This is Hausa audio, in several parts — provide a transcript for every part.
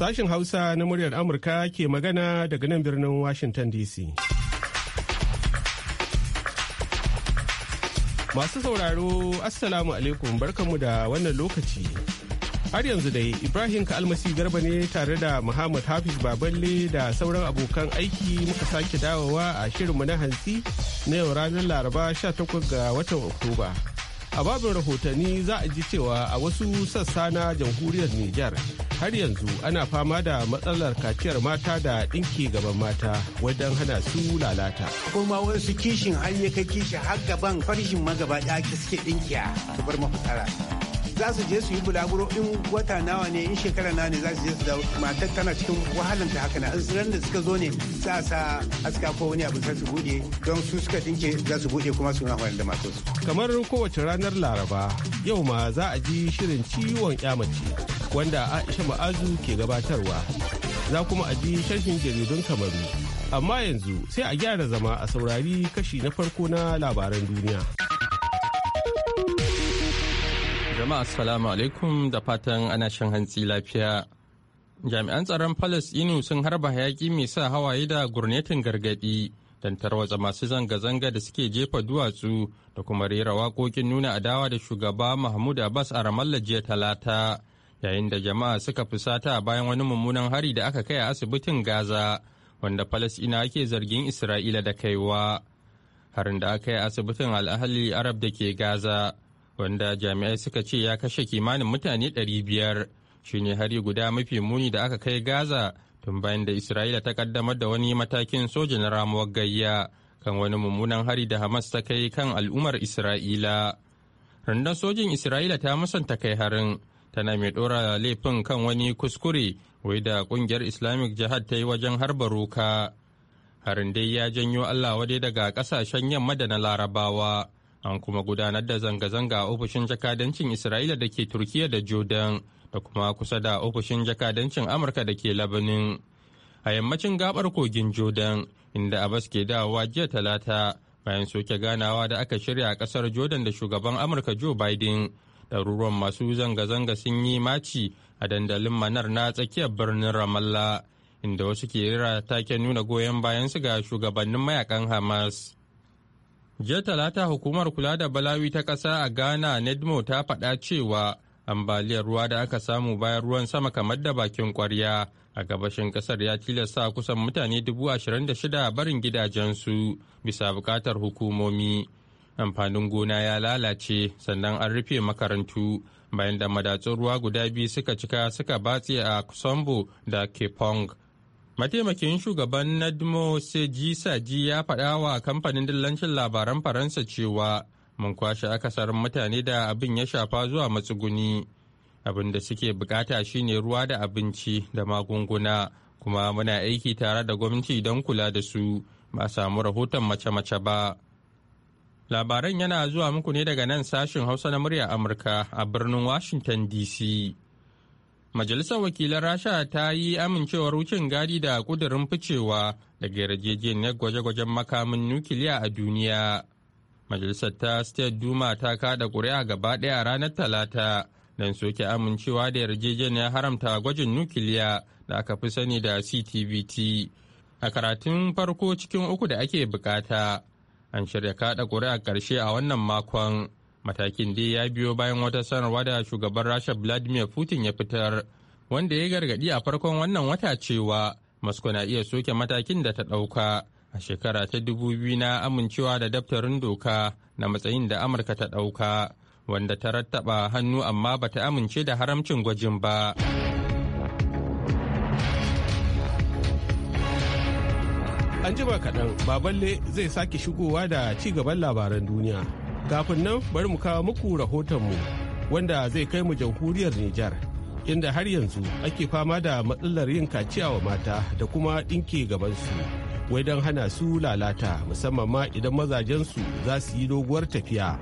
Sashen Hausa na muryar Amurka ke magana daga nan birnin Washington DC. Masu sauraro, Assalamu alaikum barkanmu da wannan lokaci. Har yanzu dai Ibrahim Kalmasi Garba ne tare da Muhammad Hafiz Baballe da sauran abokan aiki muka sake dawowa a shirinmu na hantsi na yau ranar Laraba 18 ga watan Oktoba. a babin rahotanni za a ji cewa a wasu sassa na jamhuriyar Nijar har yanzu ana fama da matsalar kaciyar mata da ɗinki gaban mata wajen hana su lalata. Kuma wasu kishin har ya kai kishi har gaban farshin magaba ɗaki suke ɗinkiya, tubar mafitsara. za su je su yi bulaguro in wata nawa ne in shekara nawa ne za su je su dawo matar tana cikin ta haka na ran da suka zo ne sa sa aska ko wani abu sai su bude don su suka dinke za su bude kuma su nawa da matar su kamar kowace ranar laraba yau ma za a ji shirin ciwon kyamaci wanda Aisha Ma'azu ke gabatarwa za kuma a ji sharhin jaridun kamaru amma yanzu sai a gyara zama a saurari kashi na farko na labaran duniya. Jama'a assalamu alaikum da fatan ana shan hantsi lafiya. Jami'an tsaron inu sun harba hayaki mai sa hawaye da gurnetin gargaɗi don tarwatsa masu zanga-zanga da suke jefa duwatsu da kuma rera waƙoƙin nuna adawa da shugaba Mahmud Abbas a Ramallah jiya talata. Yayin da jama'a suka fusata bayan wani mummunan hari da aka kai a asibitin Gaza wanda Falasɗina ke zargin Isra'ila da kaiwa. Harin da aka yi asibitin Al'ahali Arab da ke Gaza. wanda jami'ai suka ce ya kashe kimanin mutane 500 shine hari guda mafi muni da aka kai gaza tun bayan da isra'ila ta kaddamar da wani matakin soja na ramuwar gayya kan wani mummunan hari da hamas ta kai kan al'ummar isra'ila rundun sojin isra'ila ta musanta kai harin tana mai ɗora laifin kan wani kuskure wai da kungiyar islamic jihad ta yi wajen harba roka harin dai ya janyo allah wadai daga kasashen yamma da na larabawa an kuma gudanar da zanga-zanga a ofishin jakadancin isra'ila da ke turkiya da jordan da kuma kusa da ofishin jakadancin amurka da ke labanin a yammacin gabar kogin jordan inda abbas ke dawowa jiya talata bayan soke ganawa da aka shirya a kasar jordan da shugaban amurka joe biden ɗaruruwan masu zanga-zanga sun yi maci a dandalin manar na tsakiyar birnin ramallah inda wasu ke rira take nuna goyon bayan su ga shugabannin mayakan hamas Jiya talata hukumar kula da balawi ta ƙasa a Ghana Nedmo ta faɗa cewa ambaliyar ruwa da aka samu bayan ruwan sama kamar da bakin kwarya a gabashin kasar ya tilasta kusan mutane dubu ashirin da shida barin gidajensu bisa bukatar hukumomi amfanin gona ya lalace sannan an rufe makarantu bayan da madatsun ruwa guda biyu suka cika suka batse a kusombo da kepong Mataimakin shugaban Nadmo Saji ya faɗa wa kamfanin dillancin labaran Faransa cewa mun kwashe akasarin mutane da abin ya shafa zuwa matsuguni. Abin da suke bukata shine ruwa da abinci da magunguna kuma muna aiki tare da gwamnati don kula da su ba samu rahoton mace-mace ba. Labaran yana zuwa muku ne daga nan sashin Hausa na murya Amurka a birnin Washington DC. Majalisar Wakilan Rasha ta yi amincewar wucin gadi da kudurin ficewa daga yarjejeniyar gwaje-gwajen makamin nukiliya a duniya. Majalisar ta State Duma ta kada ƙuri'a gaba ɗaya ranar Talata don soke amincewa da yarjejeniyar haramta gwajin nukiliya da aka fi sani da CTVT. A karatun farko cikin uku da ake bukata, an shirya kada ƙuri'a ƙarshe a wannan makon. matakin dai ya biyo bayan wata sanarwa da shugaban rasha vladimir putin ya fitar wanda ya gargadi a farkon wannan wata cewa moscow na iya soke matakin da ta ɗauka a shekara ta dubu biyu na amincewa da daftarin doka na matsayin da amurka ta ɗauka wanda ta rattaba hannu amma ba ta amince da haramcin gwajin ba. an ba kaɗan baballe zai sake shigowa da ci gaban labaran duniya Kafin nan bari mu kawo muku rahotonmu wanda zai kai mu jamhuriyar Nijar inda har yanzu ake fama da matsalar yin kaciya wa mata da kuma ɗinke gabansu wai don hana su lalata musamman ma idan mazajensu za su yi doguwar tafiya.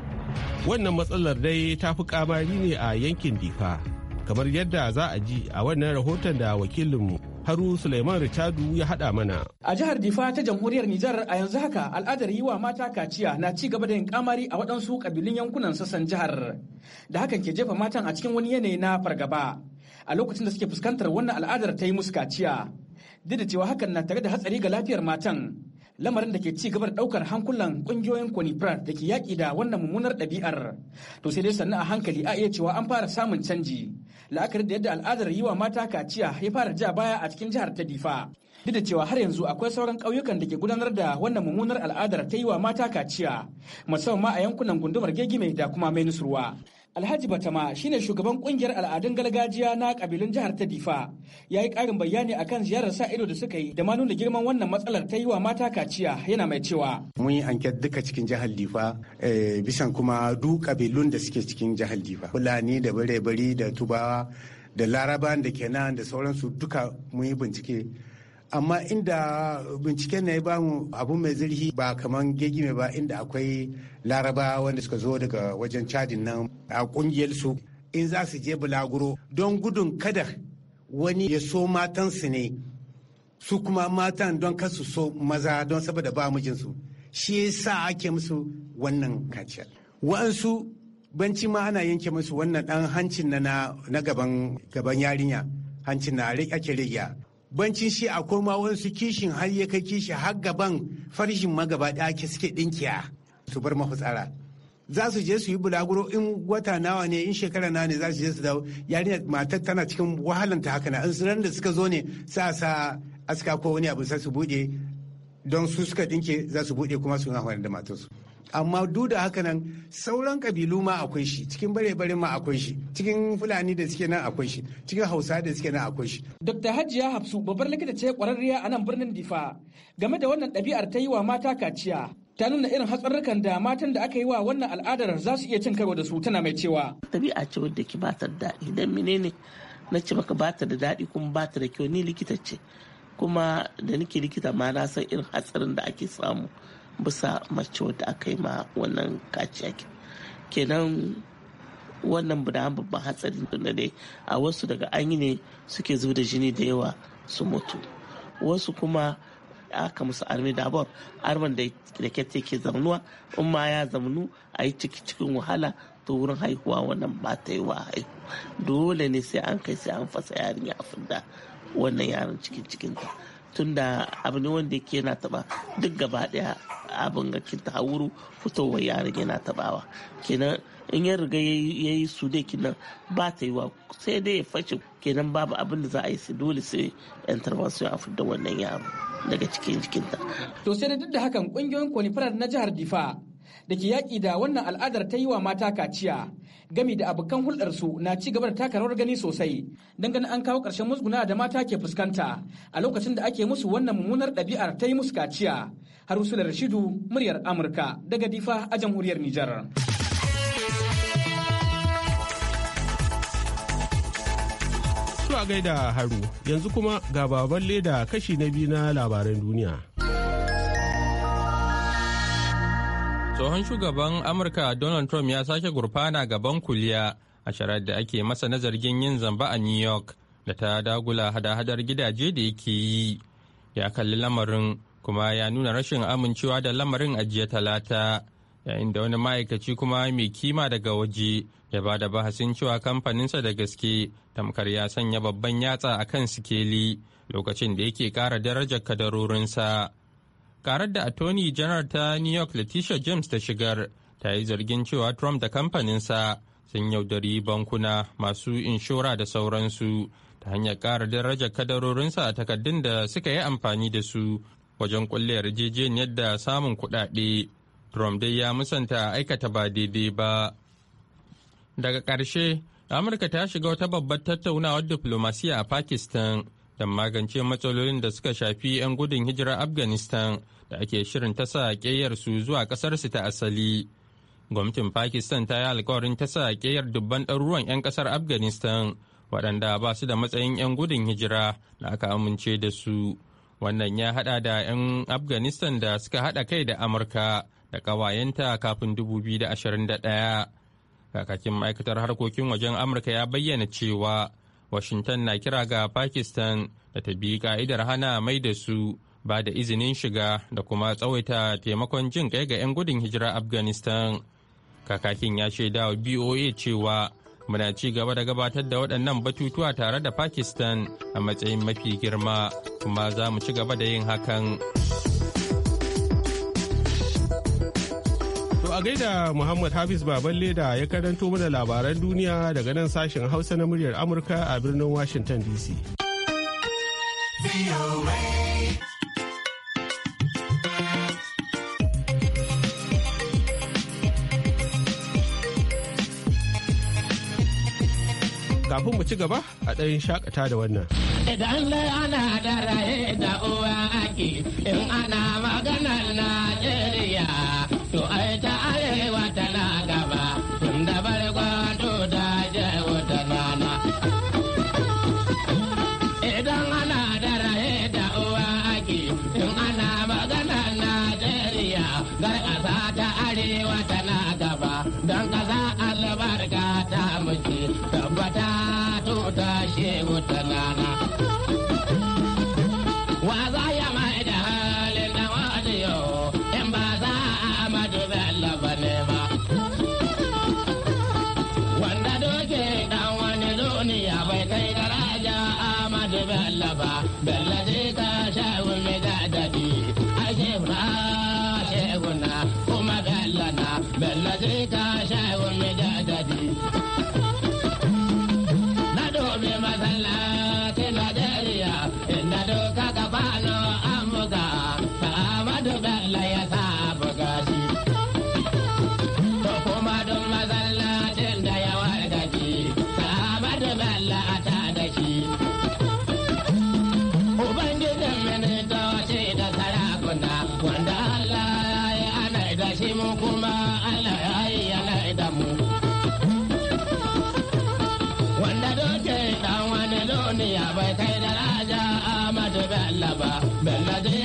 Wannan matsalar dai ta fi kamari ne a yankin Difa kamar yadda za a ji a wannan rahoton da wakilinmu haru suleiman richadu ya haɗa mana a jihar difa ta jamhuriyar nijar a yanzu haka al'adar yi wa mata kaciya na ci gaba da yin kamari a waɗansu ƙabilun yankunan sassan jihar da hakan ke jefa matan a cikin wani yanayi na fargaba a lokacin da suke fuskantar wannan al'adar ta yi musu kaciya duk da cewa hakan na tare da hatsari ga lafiyar matan lamarin da ke ci gaba da hankulan ƙungiyoyin konifrat da ke yaƙi da wannan mummunar ɗabi'ar to sai dai sannu a hankali a iya cewa an fara samun canji la'akari da yadda al'adar yi wa mata kaciya ya fara ja baya a cikin jihar ta difa duk da cewa har yanzu akwai sauran ƙauyukan da ke gudanar da wannan mummunar al'adar ta yi wa mata kaciya musamman a yankunan gundumar gegime da kuma mai nusurwa Alhaji Batama shine shugaban kungiyar al'adun gargajiya na kabilun jihar ta Difa. Ya yi ƙarin bayani akan ziyarar sa ido da suka yi da ma nuna girman wannan matsalar ta yi wa mata kaciya yana mai cewa. Mun yi anket duka cikin jihar Difa eh, bisan kuma duk kabilun da suke cikin jihar Difa. Fulani da bare da Tubawa da Laraban da Kenan da sauransu duka mun yi bincike. amma inda binciken na ya bamu abu mai zurfi. ba kaman gegime ba inda akwai laraba wanda suka zo daga wajen cajin nan a kungiyar su in za su je bulaguro don gudun kada wani ya so matansu ne su kuma matan don kasu so maza don saboda ba mijinsu shi yasa ake musu wannan kaciyar wa'ansu banci ma ana yanke musu wannan dan hancin na na gaban yarinya hancin na ake rigya bancin shi koma koma wasu kishin har ya kai kishi har gaban farshin magaba ɗaki suke ɗinkiya su bar mafitsara za su je su yi bulaguro in wata nawa ne in shekara nawa ne za su je su dawo yarinya matar tana cikin wahalanta haka na in da suka zo ne sa sa aska ko wani abu sai su buɗe don su suka ɗinke za su buɗe kuma su na da matarsu. amma duk da haka nan sauran kabilu ma akwai shi cikin bare-bare ma akwai shi cikin fulani da suke nan akwai shi cikin hausa da suke nan akwai shi. dr hajiya hafsu babbar likita ce kwararriya a nan birnin difa game da wannan ɗabi'ar ta yi wa mata kaciya ta nuna irin hatsarurrukan da matan da aka yi wa wannan al'adar za su iya cin karo da su tana mai cewa. ɗabi'a ce wadda ki ba ta da daɗi dan menene na ce maka ba ta da daɗi kuma ba ta da kyau ni likita ce kuma da nake likita ma na san irin hatsarin da ake samu. bisa mace wadda aka yi ma wannan kaciya kenan wannan da babban hatsari da dai a wasu daga an yi ne suke zuba da jini da yawa su mutu wasu kuma aka musu armi dabor arman da ke ke zaunuwa in ma ya zamanu a yi ciki cikin wahala to wurin haihuwa wannan ba ta yi wa haihu dole ne sai an kai sai an fasa yarinya a fidda wannan yaron cikin cikinta tunda abu ne wanda yake yana taba duk gaba daya abin ga kin ta wuru fitowar yaron yana tabawa kenan in ya riga ya yi su dai kinan ba ta yi wa sai dai ya fashe kenan babu abin da za a yi su dole sai intervention a da wannan yaro daga cikin jikinta. to sai da duk da hakan kungiyoyin kwalifarar na jihar difa da ke yaƙi da wannan al'adar ta yi wa mata kaciya gami da abokan hulɗarsu na ci gaba da taka rawar gani sosai don ganin an kawo ƙarshen musguna da mata ke fuskanta a lokacin da ake musu wannan mummunar ɗabi'ar ta yi musu kaciya har da rashidu muryar amurka daga difa a jamhuriyar nijar. To gaida haru yanzu kuma ga baban leda kashi na biyu na labaran duniya. Tsohon shugaban Amurka Donald Trump ya sake gurfana gaban kuliya a sharar da ake masa na zargin yin zamba a New York da ta dagula hada-hadar gidaje da yake yi. Ya kalli lamarin kuma ya nuna rashin amincewa da lamarin ajiye talata yayin da wani ma'aikaci kuma mai kima daga waje ya ba da bahasin cewa kamfaninsa da gaske tamkar ya sanya babban yatsa a kan sikeli lokacin da yake kara darajar kadarorinsa karar da attorney general ta new york letitia james ta shigar ta yi zargin cewa trump da kamfaninsa sun yaudari bankuna masu inshora da sauransu ta hanyar kara daraja kadarorinsa a takardun da suka yi amfani da su wajen kulle yarjejeniyar da samun kuɗaɗe trump dai ya musanta aikata ba daidai ba daga ƙarshe amurka ta shiga wata babbar tattaunawar diplomasiya a pakistan don magance matsalolin da suka shafi 'yan gudun hijira afghanistan da ake shirin ta sa su zuwa ƙasarsu ta asali gwamnatin pakistan ta yi alkawarin ta sa ƙeyar dubban ɗaruruwan 'yan ƙasar afghanistan waɗanda ba su da matsayin 'yan gudun hijira da aka amince da su wannan ya haɗa da 'yan afghanistan da suka haɗa kai da amurka da ƙawayenta kafin dubu biyu da da ashirin ɗaya kakakin ma'aikatar harkokin wajen amurka ya bayyana cewa washington na kira ga pakistan da ta bi ka'idar hana mai da su ba da izinin shiga da kuma tsawaita taimakon jin kai ga 'yan gudun hijira afghanistan kakakin ya shaida wa boa cewa muna ci gaba da gabatar da waɗannan batutuwa tare da pakistan a matsayin mafi girma kuma za mu ci gaba da yin hakan. To a gaida Muhammad Hafiz Baballe leda ya karanto mana labaran duniya daga nan sashen Hausa na muryar Amurka a birnin Washington DC. Kafin mu ci gaba a ɗayin shakata da wannan. Idan lai ana da raye da uwa ake in ana maganar Najeriya to ai ಬೆಲ್ಲದೆ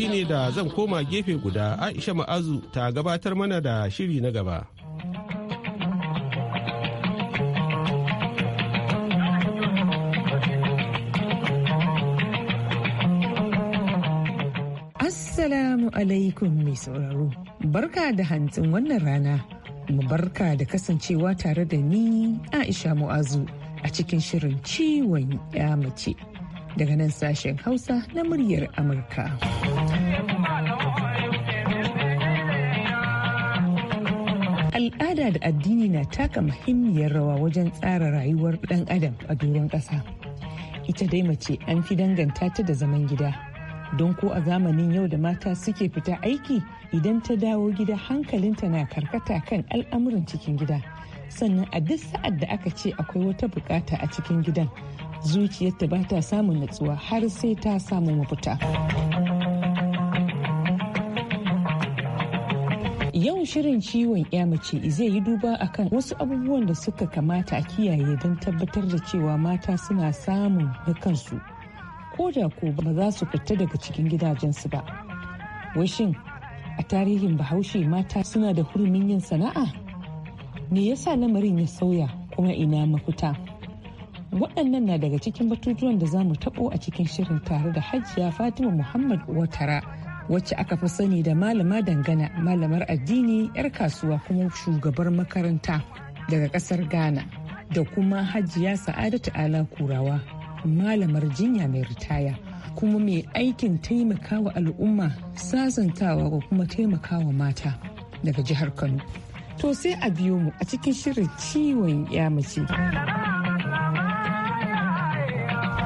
shine da zan koma gefe guda aisha ma'azu ta gabatar mana da shiri na gaba assalamu alaikum mai sauraro barka da hantsin wannan rana mu barka da kasancewa tare da ni aisha mu'azu a cikin shirin ciwon ya mace daga nan sashen hausa na muryar amurka. al'ada da addini na taka muhimmiyar rawa wajen tsara rayuwar ɗan adam a doron ƙasa ita dai mace an fi danganta ta da zaman gida don ko a zamanin yau da mata suke fita aiki idan ta dawo gida hankalinta na karkata kan al'amuran cikin gida sannan a duk sa'ad da aka ce akwai wata bukata a cikin gidan zuciyarta ba ta samun natsuwa har sai ta samu mafita. Yau shirin ciwon ya mace zai yi duba akan wasu abubuwan da suka kamata a kiyaye don tabbatar da cewa mata suna samun na kansu ko da ko ba za su fita daga cikin gidajensu ba. Washin a tarihin bahaushe mata suna da hurumin yin sana'a? Me yasa lamarin ya sauya kuma ina mafita? Waɗannan na daga cikin batutuwan da za mu taɓo a cikin shirin tare da Hajiya Fatima Muhammad Watara. wacce aka fi sani da malama dangana malamar addini 'yar kasuwa kuma shugabar makaranta daga kasar ghana da kuma hajiya sa'adatu ala kurawa malamar jinya mai ritaya kuma mai aikin taimakawa al'umma sasantawa ko kuma taimakawa mata daga jihar kano to sai a biyo mu a cikin shirin ciwon ya mace.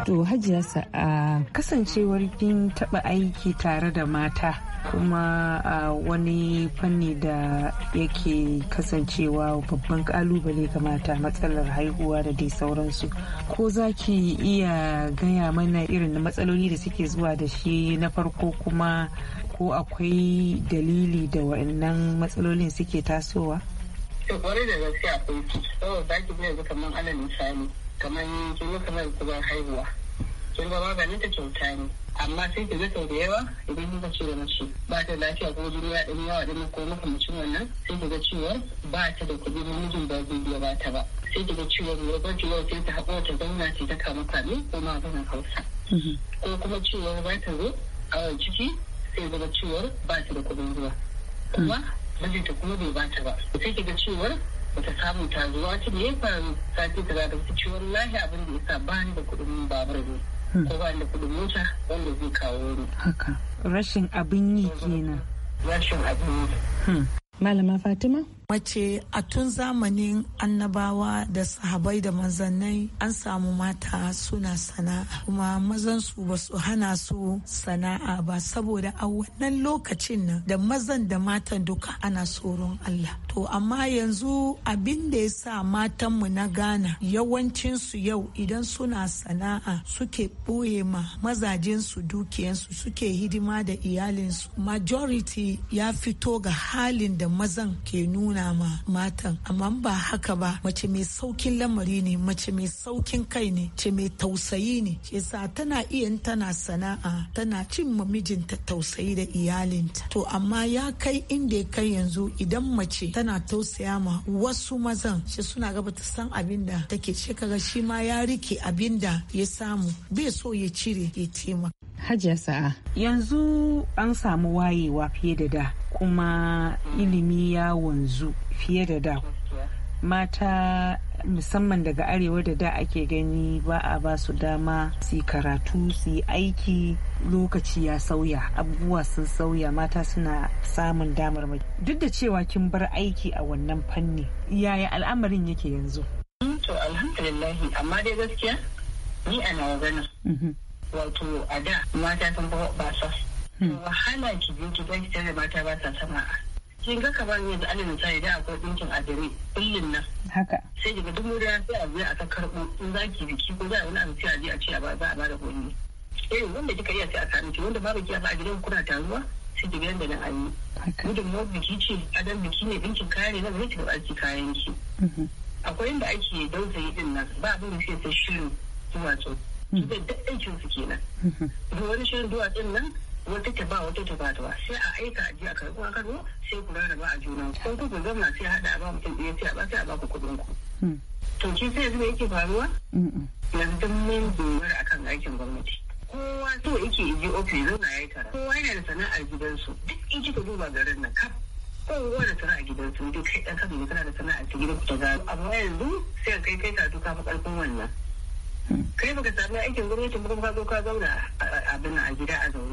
To hajiya sa'a kasancewar kin taɓa aiki tare da mata kuma a wani fanni da yake kasancewa babban kalubale ga mata matsalar haihuwa da dai sauransu ko za ki iya gaya mana irin matsaloli da suke zuwa da shi na farko kuma ko akwai dalili da wa'annan matsalolin suke tasowa? to kwarai da gaske akwai saboda za ki zai kamar alal misali kamar kin yi mai kuma haihuwa kin ba maganin ta kyauta ne amma sai ki zata da yawa idan kika ce da mace ba ta lafiya ko jini ya ɗan yawa ɗin ko makamacin wannan sai ki ga cewa ba ta da kuɗi namijin ba zai biya ba ta ba sai ki ga cewa lokacin yau sai ta haƙo ta zauna ta ta kama kame ko maganin hausa mhm. ko kuma cewa ba ta zo a ciki sai kiga cewa ba ta da kuɗin zuwa kuma mhm. mijinta kuma bai ba ta ba sai ki ga cewar Wata samun ta zuwa wata me yasa faru sati ta za wata ciwon ci abin da yasa ba ni da kuɗin babur ne hmm. ko ba ni da kuɗin mota wanda zai kawo ni. haka rashin abin yi kenan. rashin abin yi. Hmm. malama fatima. mace a tun zamanin annabawa da sahabai da manzannai an samu mata suna sana'a kuma mazan su ba su hana su sana'a ba saboda a wannan lokacin nan da mazan da matan duka ana tsoron Allah to amma yanzu abin da ya sa matan mu na Ghana su yau idan suna sana'a suke boye ma mazajen mazajensu su suke hidima da iyalinsu majority ya fito ga halin da mazan ke nuna dama matan amma ba haka ba mace mai saukin lamari ne mace mai saukin kai ne ce mai tausayi ne ke sa tana iya tana sana'a tana cin mijinta tausayi da iyalinta to amma ya kai inda ya kai yanzu idan mace tana tausaya ma wasu mazan shi suna gaba ta san abin da take ce kaga shi ma ya rike abin da ya samu bai so ya cire ya tema hajiya sa'a yanzu an samu wayewa fiye da da kuma ilimi ya wanzu fiye da da mata musamman daga arewa da da ake gani ba a ba su dama su karatu su yi aiki lokaci ya sauya abubuwa sun sauya mata suna samun damar duk da cewa kin bar aiki a wannan fanni yaya al'amarin yake yanzu mm, to alhamdulillah amma dai gaskiya ni a nawa ganin mm-hmm. wato a da mata sun ba sa Hmm. wahala ki zo ki ɗan ki mata ba sa sama kin ga kamar yanzu alal misali da akwai ɗinkin adami kullum nan haka sai daga duk muriya sai a je a ta karɓo in za ki biki ko za a wani abu sai a je a ce a ba a ba da kuɗi irin eh, wanda kika iya sai a kame ki wanda babu ki ba a gidan kuna taruwa sai ki ga da nan an yi gudunmawar biki ce adan biki ne ɗinkin kaya ne nan zai ki ɗauki kayan ki mm-hmm. akwai inda ake dausayi ɗin nan ba abin da sai sai shirin duwatsu hmm. duk da ɗinkin su kenan mm-hmm. duk wani shirin duwatsun nan wata ta ba wata ta ba ba sai a aika a ji a karɓo a karɓo sai ku ba a juna kun kuka zama sai hada a ba mutum ɗaya sai a ba sai a ba ku kuɗin ku. Hmm. to ki sai yanzu me yake faruwa. yanzu mun dogara akan aikin gwamnati. kowa so yake iji ofis zauna ya yi tara kowa yana da sana'ar gidansu duk in kika duba garin nan kaf kowa da sana'a gidansu duk kai ɗan ne kana da sana'a ta gidan ku ta gano. amma yanzu sai kai kai ta duka fa karfin wannan hmm. kai baka sami aikin gwamnati ba ka zo ka zauna abin a gida a zo.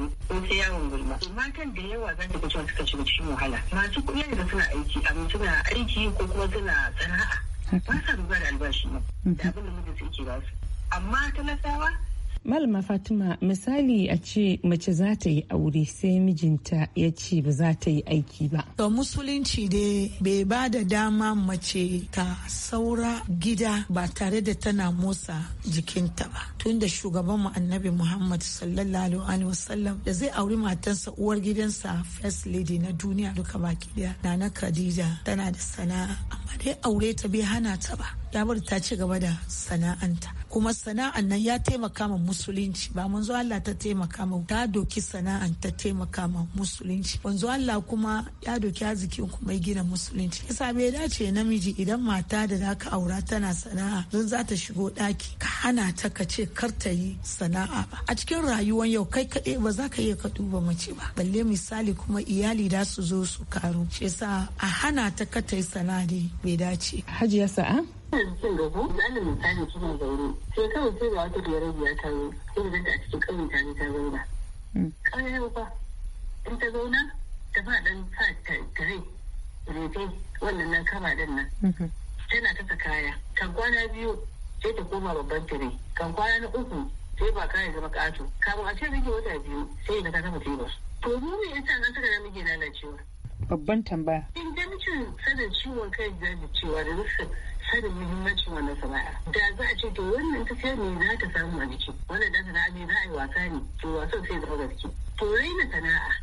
sai yawon gulma matan da yawa za ta gujewa suka shiga cikin wahala masu kuɗi da suna aiki amma suna aiki ko kuma suna sana'a ba sa duba da albashi da mhm. abin da muke yake ba su amma talakawa Malama Fatima misali a ce mace za ta yi aure sai mijinta ya ce ba za ta yi aiki ba. To musulunci dai bai ba da dama mace ta saura gida ba tare da tana motsa jikinta ba. Tun da shugaban mu annabi Muhammad sallallahu alaihi wasallam da zai auri matansa uwar gidansa first lady na duniya duka baki daya Nana Khadija tana da sana'a amma dai aure ta bai hana ta ba. damar ta ci gaba da sana'anta kuma sana'an nan ya taimaka ma musulunci ba manzo Allah ta taimaka ma ta doki sana'an ta taimaka ma musulunci manzo Allah kuma ya doki arzikin kuma gina musulunci yasa bai dace namiji idan mata da zaka aura tana sana'a don za ta shigo daki ka hana ta ka ce kar ta yi sana'a ba a cikin rayuwar yau kai kaɗai ba za ka iya ka duba mace ba balle misali kuma iyali da su zo su karu shi yasa a hana ta ka ta yi sana'a bai dace hajiya sa'a kin ga ko da alamin tsarin kina zaune sai kawai sai ba wata biyar biya ta zo sai da ta cikin kawai ta ne ta zauna kawai ba in ta zauna ta ba dan sa tare rete wannan nan kama din nan tana kasa kaya kan kwana biyu sai ta koma babban tire kan kwana na uku sai ba kaya zama kato kamun a ce rage wata biyu sai da ta kama tebur to mu ne yasa na saka namiji lalacewa babban tambaya in da mutum sanin ciwon kai da cewa da rufin sanin muhimmancin wannan sana'a da za a ce to wannan ta tafiyar ne za ta samu a jiki wannan dan sana'a ne za a yi wasa ne to wasan sai zama gaske to raina sana'a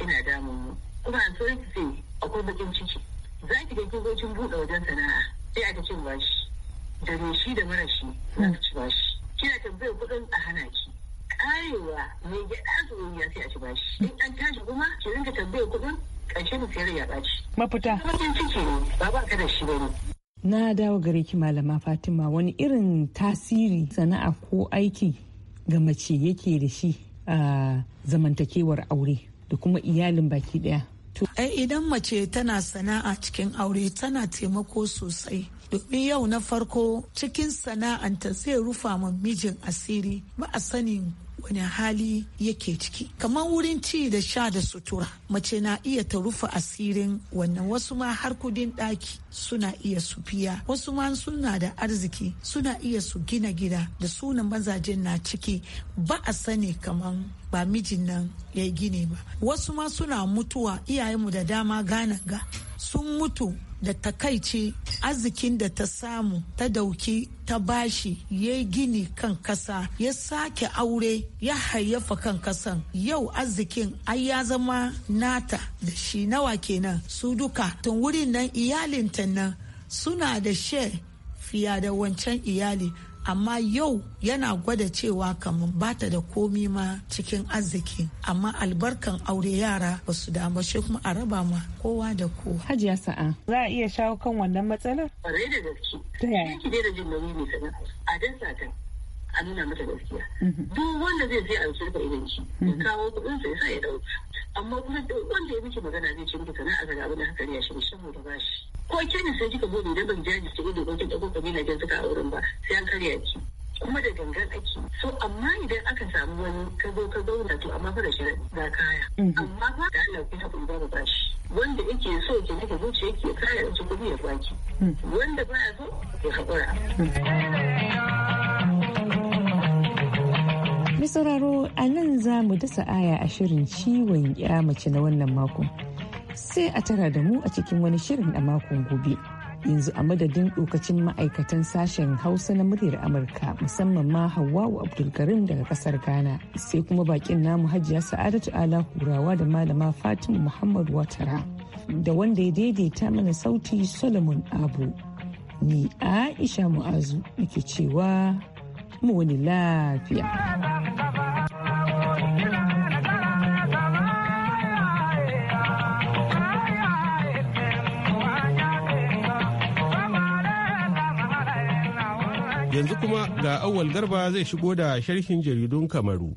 ina damun mu kuma a so ki sai akwai bakin ciki za ki ga kogocin buɗe wajen sana'a sai aka cin bashi da me shi da mara shi za ka ci bashi kina tambayar kuɗin a hana ki karewa me gyaɗa zuwa ya sai a ci bashi in an tashi kuma ki rinka tambayar kuɗin ƙarshen sayar ya ci. Mafita. Bakin ciki ne ba ba ka da shi ba ne. na dawo gare ki malama fatima wani irin tasiri sana'a ko aiki ga mace yake da shi a zamantakewar aure da kuma iyalin baki daya eh, idan mace tana sana'a cikin aure tana taimako sosai domin yau na farko cikin sana'anta zai rufa ma mijin asiri ba a sanin wani hali yake ciki kamar wurin ci da sha da sutura mace na iya ta rufe asirin wannan wasu ma har kudin ɗaki suna iya su fiya. wasu ma suna da arziki suna iya su gina gida da sunan mazajen na ciki ba a sani kamar ba mijin nan ya gine ba wasu ma suna mutuwa iyayenmu da dama gana ga sun mutu da takaici arzikin da ta samu ta dauki ta bashi ya gini kan kasa ya sake aure ya hayyafa kan kasan yau arzikin ai ya zama nata da shi nawa kenan su duka tun wurin nan iyalinta nan suna da she fiya da wancan iyali amma yau yana gwada cewa kamar bata da komi ma cikin arziki amma albarkan aure yara ba su damu shi kuma a raba ma kowa da kowa. Hajiya sa'a za a iya shawo kan wannan matsalar? Ƙwarai da gaske. Ta yaya? Ki da jin nauyi ne kaɗan. A dan satan a nuna mata gaskiya mhm. duk wanda zai je a shirka idan shi ya mhm. kawo kuɗin sa ya dauki amma kuma duk wanda ya miki magana zai ce miki sana'a ga abin da haka ne ya shi ba shi ko ne sai kika gobe da ban jaji ce ido ko kin dauko kabila jan suka auren ba sai an karya ki kuma da gangan ake so amma idan aka samu wani kazo zo ka zauna to amma fara shi ga kaya mhm. amma ba da Allah ku haɗu ba ba shi wanda yake so ke nika zuciya yake kaya da kuɗi ya baki wanda baya so ya haƙura sa aya a shirin ciwon ya mace na wannan makon. Sai a tara da mu a cikin wani shirin a makon gobe. Yanzu a madadin dokacin ma'aikatan sashen Hausa na muryar Amurka musamman ma wa Abdulkarim daga kasar Ghana. Sai kuma bakin namu Hajiya Sa'adatu Ala Hurawa da Malama Fatima Muhammad Watara. Da wanda ya daidaita mana sauti Solomon Abu. Ni Aisha Mu'azu nake cewa mu wani lafiya. Yanzu kuma ga awal garba zai shigo da sharhin jaridun Kamaru.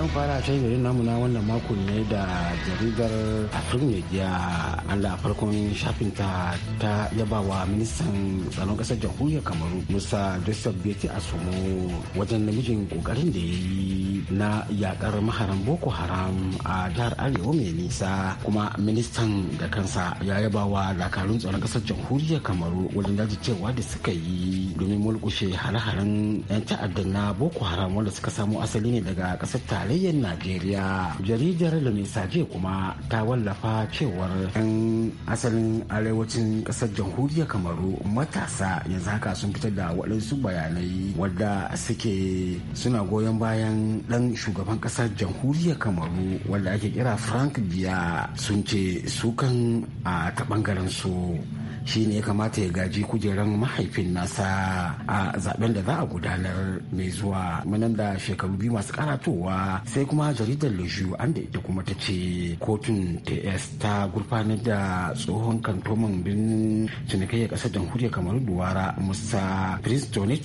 zan fara shan jaridar namu na wannan makon ne da jaridar afir media allah farkon shafin ta ta yabawa ministan tsaron kasar jamhuriyar kamaru musa joseph beti sumo wajen namijin kokarin da ya yi na yakar maharan boko haram a jihar arewa mai nisa kuma ministan da kansa ya yabawa dakarun tsaron kasar jamhuriyar kamaru wajen cewa da suka yi domin mulkushe hare-haren 'yan ta'addan na boko haram wanda suka samo asali ne daga kasar tarayyar najeriya jaridar lumisaje kuma ta wallafa cewar 'yan asalin arewacin kasar jamhuriyar kamaru matasa yanzu haka sun fitar da waɗansu bayanai wadda suke suna goyon bayan ɗan shugaban kasar jamhuriyar kamaru wadda ake kira frank biya sun ce sukan a ta ɓangaren su shi ne ya kamata ya gaji kujeran mahaifin nasa a zaben da za a gudanar mai zuwa manan da shekaru biyu masu karatowa sai kuma jaridar leju an da ita kuma ta ce kotun ts ta gurfanar da tsohon kantoman birnin cinikayya kasar jamhuriyar kamar duwara musa prince tony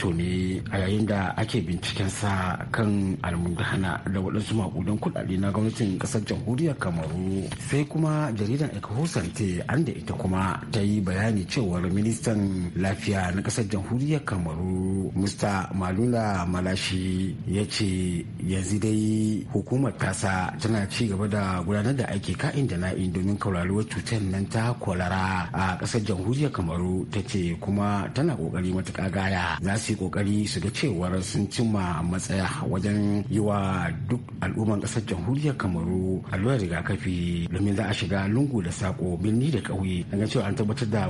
a yayin da ake bincikensa kan almundana da waɗansu makudan kuɗaɗe na gwamnatin kasar jamhuriyar kamaru sai kuma jaridar ekahusante an da ita kuma ta yi bayani bayani cewar ministan lafiya na kasar jamhuriyar kamaru musta malula malashi ya ce yanzu dai hukumar tasa tana ci gaba da gudanar da aiki ka'in da na'in domin kauraruwar cutar nan ta kwalara a kasar jamhuriyar kamaru ta ce kuma tana kokari matuƙa gaya za su yi kokari su ga cewar sun cimma matsaya wajen yi wa duk al'umman kasar jamhuriyar kamaru allurar rigakafi domin za a shiga lungu da sako birni da ƙauye an cewa an tabbatar da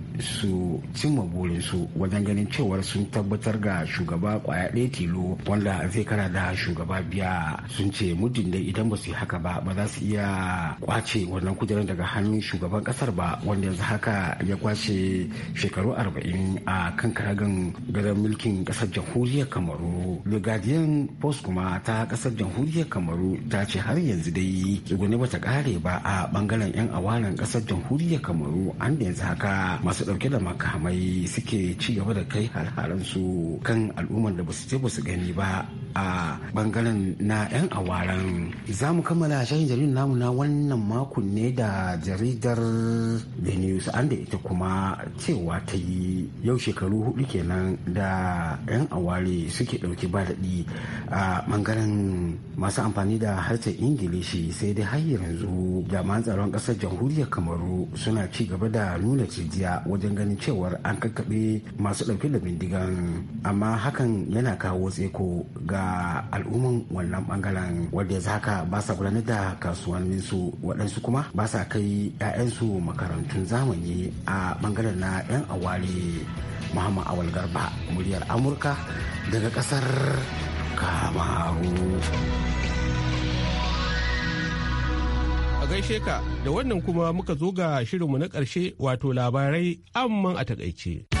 su cimma burinsu wajen ganin cewar sun tabbatar ga shugaba kwaya ɗaya tilo wanda zai kara da shugaba biya sun ce muddin dai idan ba su yi haka ba ba za su iya kwace wannan kujerar daga hannun shugaban ƙasar ba wanda yanzu haka ya kwace shekaru arba'in a kan karagan gadon mulkin kasar jamhuriyar kamaru the guardian post kuma ta kasar jamhuriyar kamaru ta ce har yanzu dai tsuguni bata kare ba a bangaren yan awalan kasar jamhuriyar kamaru an da yanzu haka masu dauke da makamai suke ci gaba da kai har su kan al'ummar da basu je su gani ba a bangaren na 'yan awaran za mu kammala shahin jaridar namu na wannan makon ne da jaridar the news an da ita kuma cewa ta yi yau shekaru hudu kenan da 'yan aware suke dauki ba daɗi a bangaren masu amfani da harshen ingilishi sai dai har yanzu jami'an tsaron ƙasar jamhuriyar kamaru suna ci gaba da nuna cijiya wajen ganin cewar an kakkaɓe masu ɗauke da bindigan amma hakan yana kawo tseko ga ga al'umman wannan bangaren wadda za haka ba sa gudanar da kasuwannin su waɗansu kuma ba sa kai 'ya'yansu makarantun zamani a bangaren na 'yan awali muhammad awal garba muryar amurka daga ƙasar kamaru a gaishe ka da wannan kuma muka zo ga shirinmu na ƙarshe wato labarai amman a takaice.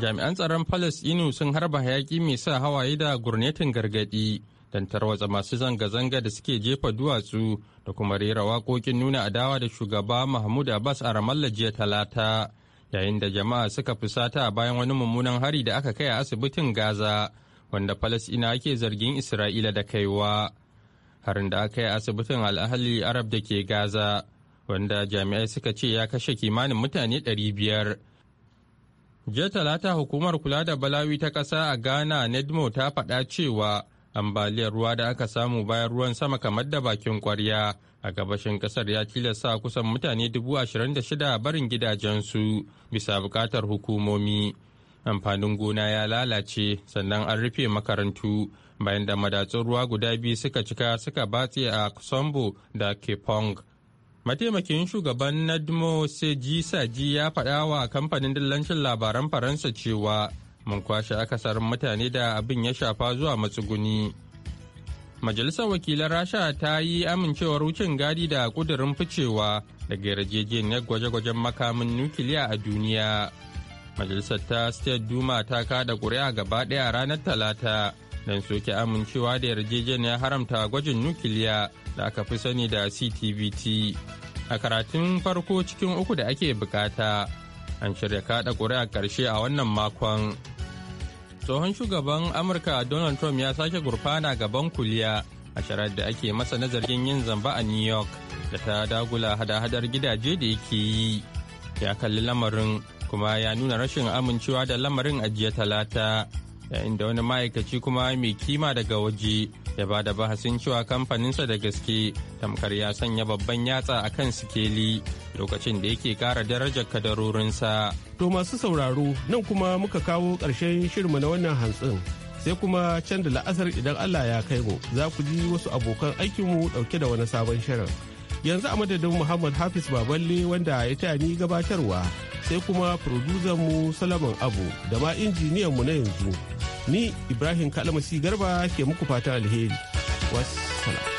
jami'an tsaron palestinu sun harba hayaki mai sa hawaye da gurnetin gargadi don tarwatsa masu zanga-zanga da suke jefa duwatsu da kuma rera waƙoƙin nuna adawa da shugaba mahmud abbas a ramallah jiya talata yayin da jama'a suka fusata bayan wani mummunan hari da aka kai a asibitin gaza wanda palestina ake zargin isra'ila da kaiwa harin da aka yi asibitin al'ahali arab da ke gaza wanda jami'ai suka ce ya kashe kimanin mutane 500 Jiya talata hukumar kula da balawi ta ƙasa a Ghana Nedmo ta faɗa cewa ambaliyar ruwa da aka samu bayan ruwan sama kamar da bakin kwarya a gabashin kasar ya tilasta kusan mutane dubu ashirin da shida barin gidajensu bisa bukatar hukumomi amfanin gona ya lalace sannan an rufe makarantu bayan da madatsun ruwa guda biyu suka cika suka batse a sombo da kepong mataimakin shugaban nadmo seji ya faɗa wa kamfanin dillancin labaran faransa cewa mun kwashe akasarin mutane da abin ya shafa zuwa matsuguni majalisar wakilan rasha ta yi amincewar wucin gadi da kudurin ficewa daga yarjejeniyar gwaje-gwajen makamin nukiliya a duniya majalisar ta state duma ta kada ƙuri'a gaba ɗaya ranar talata don soke amincewa da yarjejeniyar haramta gwajin nukiliya da aka fi sani da ctvt a karatun farko cikin uku da ake bukata an shirya kada ƙuri'a ƙarshe a wannan makon tsohon shugaban amurka donald trump ya sake gurfana gaban kuliya a sharar da ake masa na zargin yin zamba a new york da ta dagula hada-hadar gidaje da yake yi ya kalli lamarin kuma ya nuna rashin amincewa da lamarin ajiye talata yayin da wani ma'aikaci kuma mai kima daga waje ya ba da bahasin cewa kamfaninsa da gaske tamkar ya sanya babban yatsa a kan sikeli lokacin da yake kara darajar kadarorinsa. To masu sauraro nan kuma muka kawo ƙarshen shirma na wannan hantsin. Sai kuma can da la'asar idan Allah ya kai mu za ku ji wasu abokan aikinmu ɗauke da wani sabon shirin. yanzu a madadin muhammad hafiz baballe wanda ya taya ni gabatarwa sai kuma mu salaman abu da ma mu na yanzu ni ibrahim kalamasi garba ke muku fatan alheri salam